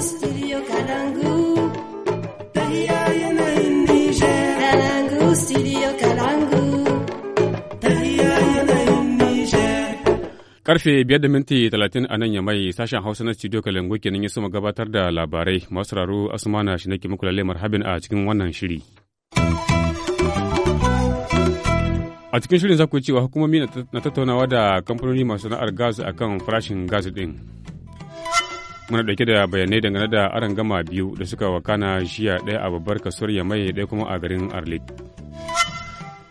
studio Karfe biyar da minti talatin a nan ya mai sashen Hausa na studio Kalangu kenan ya suma gabatar da labarai. Masu raro Asmana shi nake muku lalle marhabin a cikin wannan shiri. a cikin shirin za ku cewa hukumomi na tattaunawa da kamfanoni masu sana'ar gas akan farashin gas din muna dauke da bayanai dangane da gama biyu da suka wakana jiya ɗaya a babbar kasuwar yamai ɗaya kuma a garin arlit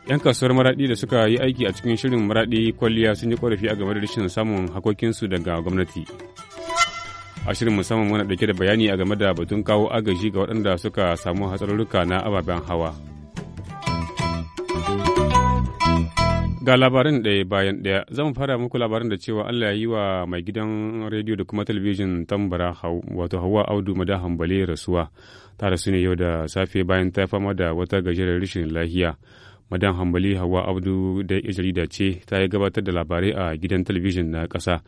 yan kasuwar maraɗi da suka yi aiki a cikin shirin maraɗi kwalliya sun yi ƙorafi a game da rashin samun hakokinsu daga gwamnati a shirin musamman muna dauke da bayani a game da batun kawo agaji ga waɗanda suka samu hatsarurruka na ababen hawa Ga labarin ɗaya bayan ɗaya, zan fara muku labarin da cewa Allah ya yi wa mai gidan rediyo da kuma talabijin tambara wato Hawa Audu Mada Hambale rasuwa. Ta rasu ne yau da safe bayan ta fama da wata gajerar rashin lahiya. Madan Hambali Hawa audu da jarida ce ta yi gabatar da labarai a gidan talabijin na ƙasa.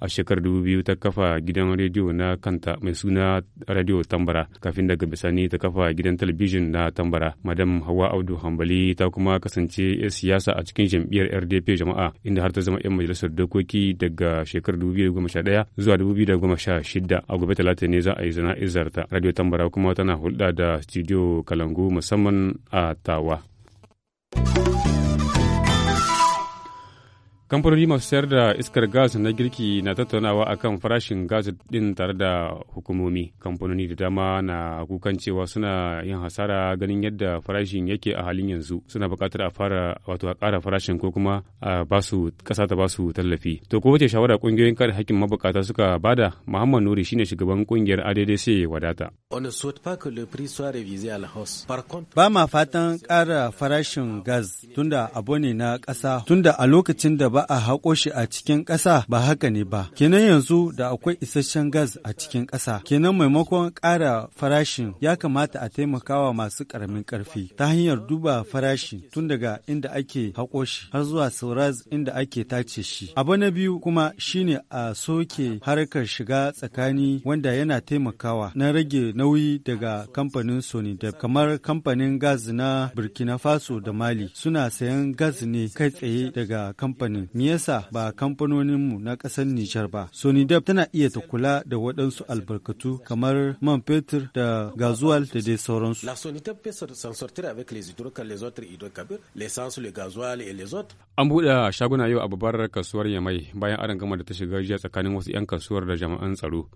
a shekarar dubu biyu ta kafa gidan rediyo na kanta mai suna radio tambara kafin daga bisani ta kafa gidan talabijin na tambara madam hawa audu hambali ta kuma kasance 'yan siyasa a cikin jam'iyyar rdp jama'a inda har ta zama 'yan majalisar dokoki daga shekarar dubu biyu goma sha ɗaya zuwa dubu biyu da goma sha shida a gobe talata ne za a yi zana'izar ta radio tambara kuma tana hulɗa da studio kalangu musamman a tawa. kamfanoni masu sayar da iskar gas na girki na tattaunawa akan farashin gas din tare da hukumomi kamfanoni da dama na kukan cewa suna yin hasara ganin yadda farashin yake a halin yanzu suna buƙatar a fara wato a ƙara farashin ko kuma a basu ƙasa ta basu tallafi to ko wace shawara ƙungiyoyin kare hakkin mabukata suka bada muhammad nuri shine shugaban ƙungiyar addc wadata ba ma fatan ƙara farashin gas tunda abu ne na ƙasa tunda a lokacin da ba a haƙo shi a cikin ƙasa ba haka ne ba. Kenan yanzu da akwai isasshen gas a cikin ƙasa. Kenan maimakon ƙara farashin ya kamata a taimakawa masu ƙaramin ƙarfi ta hanyar duba farashi tun daga inda ake haƙo shi har zuwa sauraz inda ake tace shi. Abu na biyu kuma shine a soke harkar shiga tsakani wanda yana taimakawa na rage nauyi daga kamfanin da kamar kamfanin gas na Burkina Faso da Mali suna sayan gas ne kai tsaye daga kamfanin Me yasa ba kamfanoninmu na ƙasar Nijar ba? Sonidab tana iya ta kula da waɗansu albarkatu kamar man fetur da gazuwal da dai sauransu. An buɗe shaguna yau a babbar kasuwar Yamai bayan an gama da ta shiga jiya tsakanin wasu 'yan kasuwar da jama'an tsaro.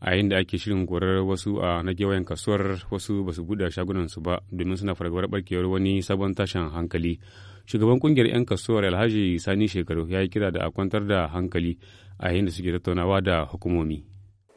a yayin da ake shirin gorar wasu a na gewayen kasuwar wasu ba su buɗe shagunansu ba domin suna fargabar barkewar wani sabon tashin hankali shugaban kungiyar 'yan kasuwar alhaji sani shekaru ya yi kira da a kwantar da hankali a yayin da suke tattaunawa da hukumomi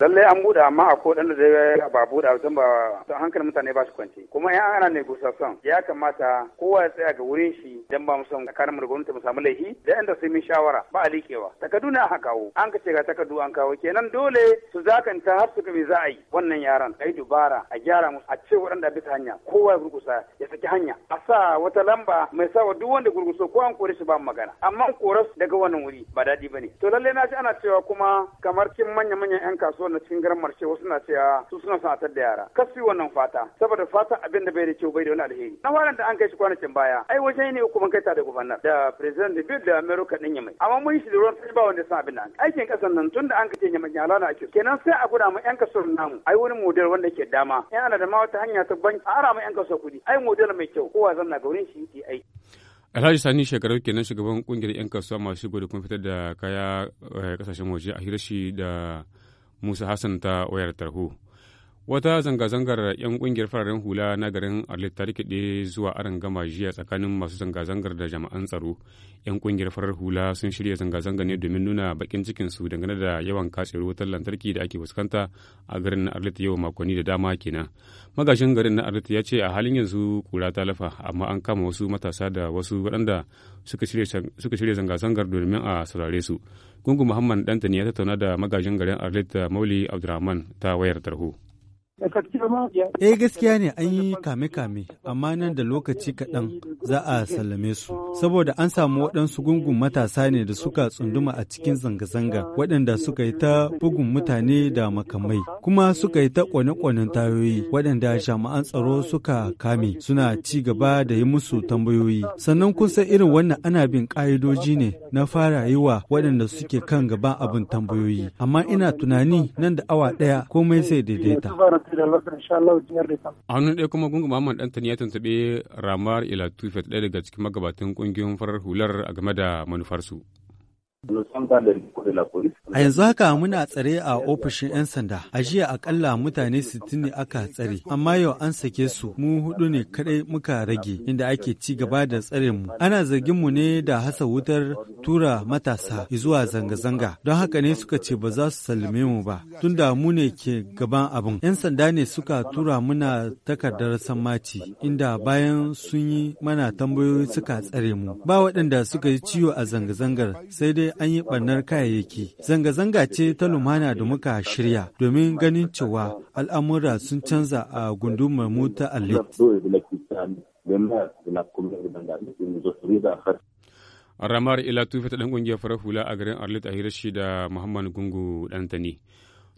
lallai an buɗe amma a kodan da zai ba buɗe don ba don hankalin mutane ba su kwanci kuma ya ana sassan. ya kamata kowa ya tsaya ga wurin shi dan ba mu a tsakanin mu da gwamnati mu samu laifi da inda sai mun shawara ba a liƙewa takardu na aka kawo an ka ce ga takardu an kawo kenan dole su zakanta har su kame za a yi wannan yaran ai dubara a gyara musu a ce waɗanda bi ta hanya kowa ya gurgusa ya saki hanya a sa wata lamba mai sa wa duk wanda gurguso ko an kore su ba magana amma an su. daga wannan wuri ba daɗi ba ne to lallai na ji ana cewa kuma kamar kin manya-manyan 'yan kasuwa na cikin garin marshe wasu na cewa su suna son a da yara kasu wannan fata saboda fata abin da bai da kyau bai da wani alheri na wannan da an kai shi kwanakin baya ai wajen ne hukumar kai ta da gwamnar da president da bill da america din yamai amma mun yi shi da ruwan sai ba wanda san abin aikin kasan nan tun da an kace yamai yala na ake kenan sai a guda mu yan kasuwar namu ai wani model wanda ke dama yana ana da ma wata hanya ta banki a ara mu yan kasuwar kudi ai model mai kyau kowa zanna ga wurin shi yi ai Alhaji Sani shekarar kenan shugaban kungiyar 'yan kasuwa masu gudu fitar da kaya kasashen eh, waje a hirashi da Musa Hassan ta wayar tarho. Wata zanga-zangar 'yan kungiyar fararen hula na garin Arlit ta rikide zuwa aron gama jiya tsakanin masu zanga-zangar da jama'an tsaro. 'Yan kungiyar farar hula sun shirya zanga-zanga ne domin nuna bakin cikinsu dangane da yawan katsewar wutar lantarki da ake fuskanta a garin na Arlit yau makonni da dama kenan. Magashin garin na Arlit ya ce a halin yanzu kura ta lafa amma an kama wasu matasa da wasu waɗanda suka shirya zanga-zangar domin a saurare su. Gungun Muhammad Dantani ya tattauna da magajin garin Arlit Mauli Abdulrahman ta wayar tarho. Eh gaskiya ne an yi kame-kame, amma nan da lokaci kaɗan za a sallame su. Saboda an samu waɗansu gungun matasa ne da suka tsunduma a cikin zanga-zanga waɗanda suka yi ta bugun mutane da makamai, kuma suka yi ta ƙone-ƙonen tayoyi waɗanda jami'an tsaro suka kame suna ci gaba da yi musu tambayoyi. Sannan kun san irin wannan ana bin ƙa'idoji ne na fara yi wa waɗanda suke kan gaban abin tambayoyi. Amma ina tunani nan da awa ɗaya komai sai daidaita. da insha Allah jiyar da A hannun ɗaya kuma gungun Muhammad Dantani ya tuntuɓe Ramar Ilatufet ɗaya daga cikin magabatan ƙungiyoyin farar hular a game da manufarsu. A yanzu haka muna tsare a ofishin 'yan sanda. A jiya akalla mutane 60 ne aka tsare, amma yau an sake su mu hudu ne kadai muka rage inda ake ci gaba da tsare mu. Ana zargin mu ne da hasa wutar tura matasa zuwa zanga-zanga. Don haka ne suka ce ba za su sallame mu ba, tunda mu ne ke gaban abin. 'Yan sanda ne suka tura muna takardar sammaci inda bayan sun yi mana tambayoyi suka tsare mu. Ba waɗanda suka yi ciwo a zanga-zangar sai dai an yi ɓarnar kayayyaki. Zanga-zanga ce ta lumana da muka shirya domin ganin cewa al'amura sun canza a gundumar muta ta Alit. Ramar Ilatu ta ɗan ƙungiyar farar hula a garin Arlit a hirashi da Muhammad Gungu Ɗantani.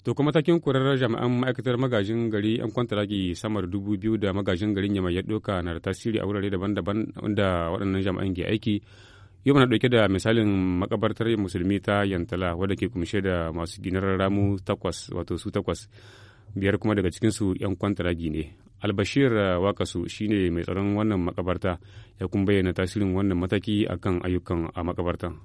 To kuma takin kurar jami'an ma'aikatar magajin gari 'yan kwantaraki sama da dubu biyu da magajin garin yamayar doka na da tasiri a wurare daban-daban wanda waɗannan jami'an ke aiki Yau mana ɗauke da misalin makabartar musulmi ta Yantala wadda ke kumshe da masu ginar ramu takwas wato su takwas biyar kuma daga cikinsu 'yan kwantara gine Albashir eh, Wakasu shine mai tsaron wannan makabarta ya kuma bayyana tasirin wannan mataki akan ayyukan a makabartan.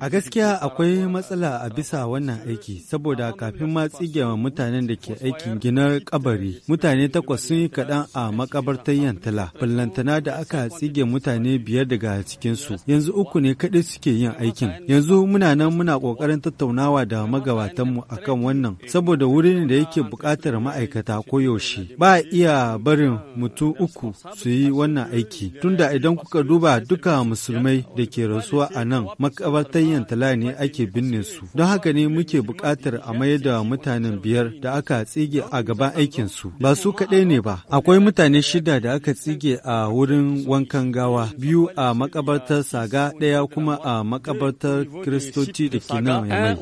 A gaskiya akwai matsala a euh, bisa wannan aiki saboda kafin ma tsigewa mutanen da ke aikin ginar kabari mutane takwas sun yi kaɗan a makabartar yantala ballantana da aka tsige mutane biyar daga cikinsu yanzu uku ne kaɗai suke yin aikin yanzu muna nan muna ƙoƙarin tattaunawa da magabatanmu akan wannan saboda wurin da yake buƙatar ma'aikata koyaushe ba a iya barin mutu uku su yi wannan aiki tunda idan kuka duba duka musulmai da ke rasuwa a nan makabartar yantala ne ake binne su don haka ne muke buƙatar a mayar da mutanen biyar da aka tsige a gaban su ba su kaɗai ne ba akwai mutane shida da aka tsige a wurin wankan gawa biyu a makabartar saga ɗaya kuma a makabartar kiristoci da ke nan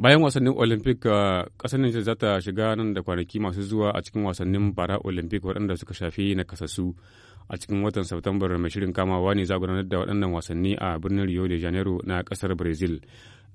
bayan wasannin olympic kasar uh, nijar za ta shiga nan da kwanaki masu zuwa a cikin wasannin bara olympic waɗanda suka shafi kasasu. a cikin watan Satumbar mai shirin kamawa ne za gudanar da waɗannan wasanni a birnin Rio de Janeiro na ƙasar Brazil.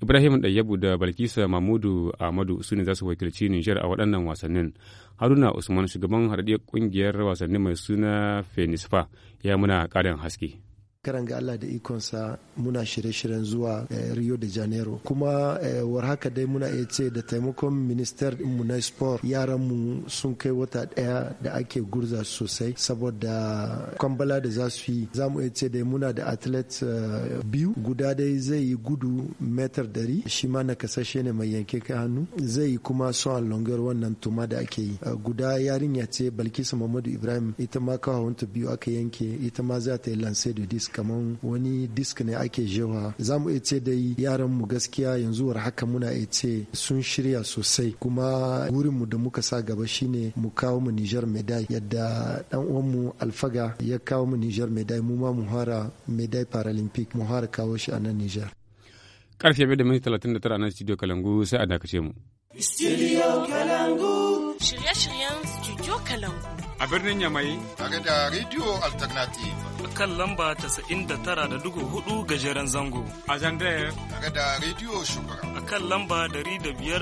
Ibrahim Ɗayyabu da Balkisa Mahmudu Ahmadu su ne za su wakilci Nijar a waɗannan wasannin. Haruna Usman shugaban haɗaɗɗiyar ƙungiyar wasannin mai suna Fenisfa ya muna ƙarin haske. karan ga Allah da ikonsa muna shirye-shiryen zuwa eh, Rio de Janeiro kuma eh, war haka dai muna iya ce da taimakon minister mu na sport yaran mu sun kai wata daya da ake gurza sosai saboda kwambala da za su yi za mu iya ce dai muna da athlete eh, biyu guda dai zai yi gudu metar dari shi ma nakasashe ne mai yanke kai hannu zai yi kuma son longar wannan tuma da ake yi guda yarinya ce balkisa mamadu ibrahim ita ma ta biyu aka yanke ita ma za ta yi lance da disk kamar wani disk ne ake jewa za mu ce dai yaran mu gaskiya yanzu war haka muna ce sun shirya sosai kuma mu da muka sa gaba shine mu kawo mu Niger medai yadda dan mu alfaga ya kawo mu Niger medai mu ma mu fara medai paralympic mu fara kawo shi a nan Niger karfe a na studio Kalangu sai a dakace mu studio Kalangu shirye-shiryen studio Kalangu a birnin Yamai tare da radio alternative a kan lamba 99.4 gajeren zango. A Zandaya. Daga da rediyo Shugura. A kan lamba 105.5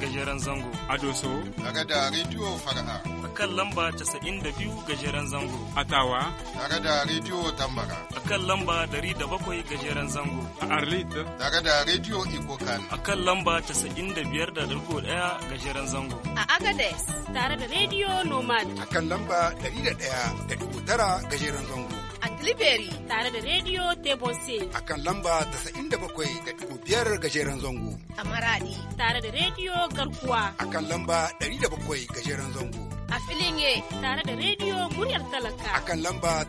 gajeren zango. A Doso. Daga da Rediyo Fara'a. kan lamba 92 gajeren zango. a Tawa. Daga da rediyo Tambara. A kan lamba 107 gajeren zango. A Arlit. Daga da Rediyo Ikokan. A kan lamba 95.1 gajeren zango. A Agades. Tare da rediyo Nomad. A kan lamba 101.9 gajeren zango. and Delivery tare da Radio Table a kan lamba biyar gajeren zango. A Maradi tare da Radio Garkuwa a kan lamba bakwai gajeren zango. A Filinge tare da Radio Muryar Talaka a kan lamba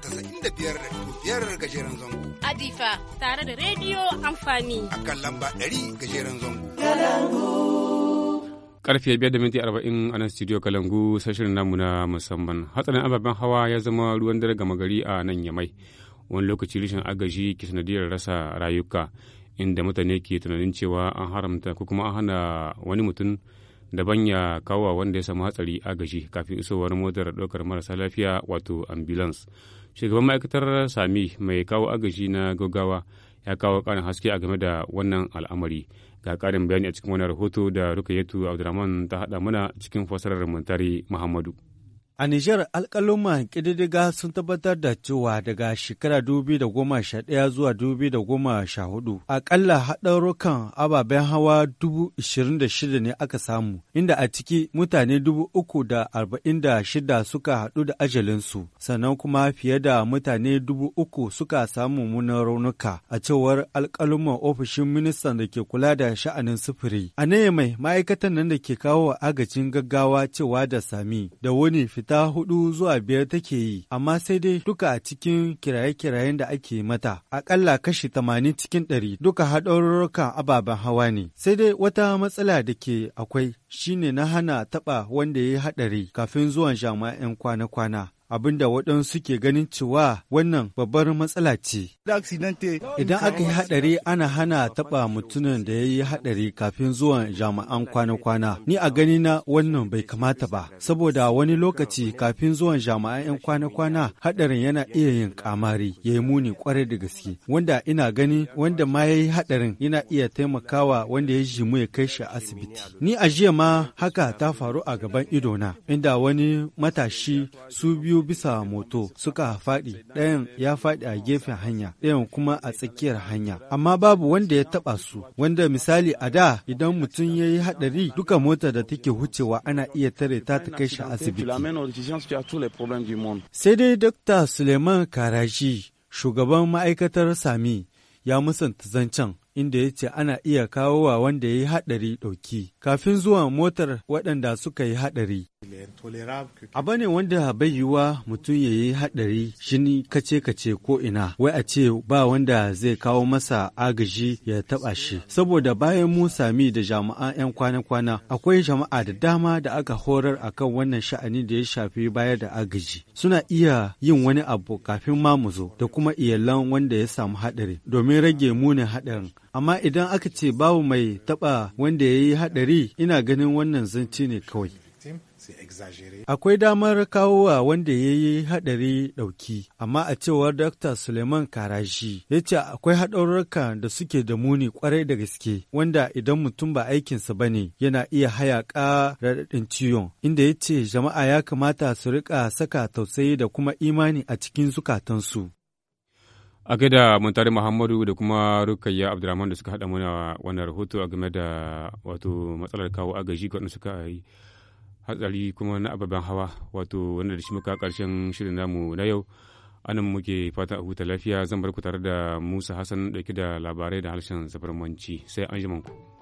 biyar gajeren zango. A Difa tare da Radio Amfani a kan lamba 100 gajeren zango. Kalangu. Karfe biyar da minti arba'in a nan studio Kalangu Sashen namu na musamman. Hatsarin ababen hawa ya zama ruwan dare gama gari a nan ya mai Wani lokaci rashin agaji ke sanadiyar rasa rayuka inda mutane ke tunanin cewa an haramta ko kuma an hana wani mutum daban ya kawo wanda ya samu hatsari agaji kafin isowar motar ɗaukar marasa lafiya wato ambulance. Shugaban ma'aikatar Sami mai kawo agaji na gaggawa ya kawo ƙarin haske a game da wannan al'amari ga ƙarin bayani a cikin wannan rahoto da rukayetu abdulrahman ta haɗa mana cikin fasarar muntari muhammadu A Nijar alƙaluman ƙididdiga sun tabbatar da cewa daga shekara 2011 zuwa 2014 aƙalla haɗarukan ababen hawa 26,000 ne aka samu, inda a ciki mutane 346 suka haɗu da ajalinsu, sannan kuma fiye da mutane 3,000 suka samu munan raunuka a cewar alƙaluman ofishin ministan da ke kula da sha'anin sufuri. A ne mai ma'aikatan nan da ke kawo agajin gaggawa cewa da sami da wani fita ta hudu zuwa biyar take yi, amma sai dai duka a cikin kiraye-kirayen da ake mata, akalla kashi tamanin cikin ɗari duka haɗarurruka ababen hawa ne. Sai dai wata matsala da ke akwai shine na hana taɓa wanda ya yi haɗari kafin zuwan jama'in kwana-kwana. Abin da waɗansu ke ganin cewa wannan babbar matsala ce. Idan aka yi haɗari ana hana taɓa mutumin da ya yi haɗari kafin zuwan jami'an kwana-kwana. Ni a gani na wannan bai kamata ba, saboda wani lokaci kafin zuwan jami'an 'yan kwana-kwana haɗarin yana iya yin kamari ya yi muni ƙwarai da gaske. Wanda ina gani wanda ma ya yi haɗarin yana iya taimakawa wanda ya jimu ya kai shi asibiti. Ni a jiya ma haka ta faru a gaban idona, inda wani matashi su biyu bisa moto suka faɗi ɗayan ya faɗi a gefen hanya ɗayan kuma a tsakiyar hanya amma babu wanda ya taɓa su wanda misali a da idan mutum ya yi haɗari duka mota da take hucewa ana iya tare ta ta kai shi asibiti sai dai dokta suleiman karashi shugaban ma'aikatar sami ya musanta zancen inda ya ce ana iya kawo wa wanda ya yi haɗari ɗauki kafin zuwa motar waɗanda suka yi haɗari. Aba ne wanda bai yiwuwa mutum ya yi haɗari shini kace-kace ko ina, wai a ce ba wanda zai kawo masa agaji ya taɓa shi. Saboda bayan mu sami da jama'a 'yan kwana-kwana, akwai jama'a da dama da aka horar akan wannan sha'ani da ya shafi bayar da agaji. Suna iya yin wani abu kafin ma mu zo da kuma iyalan wanda ya samu haɗari domin rage munin haɗarin. Amma idan aka ce babu mai taɓa wanda ya yi haɗari ina ganin wannan zanci ne kawai. Akwai damar kawo wa wanda ya yi haɗari ɗauki, amma a cewar Dr. Suleiman Karashi ya ce akwai haɗarurruka da suke da muni kwarai da gaske, wanda idan mutum ba aikinsa ba ne yana iya hayaƙa raɗaɗin ciwon, inda ya ce jama'a ya kamata su riƙa saka tausayi da kuma imani a cikin zukatansu. a gaida muntari muhammadu da kuma rukayya abdulrahman da suka hada mana wannan rahoto a game da wato matsalar kawo agaji ga suka yi hatsari kuma na ababen hawa wato wanda da shi muka karshen shirin namu na yau anan muke fata a huta lafiya zan bar ku tare da musa hassan dauke da labarai da harshen zafarmanci sai an ku.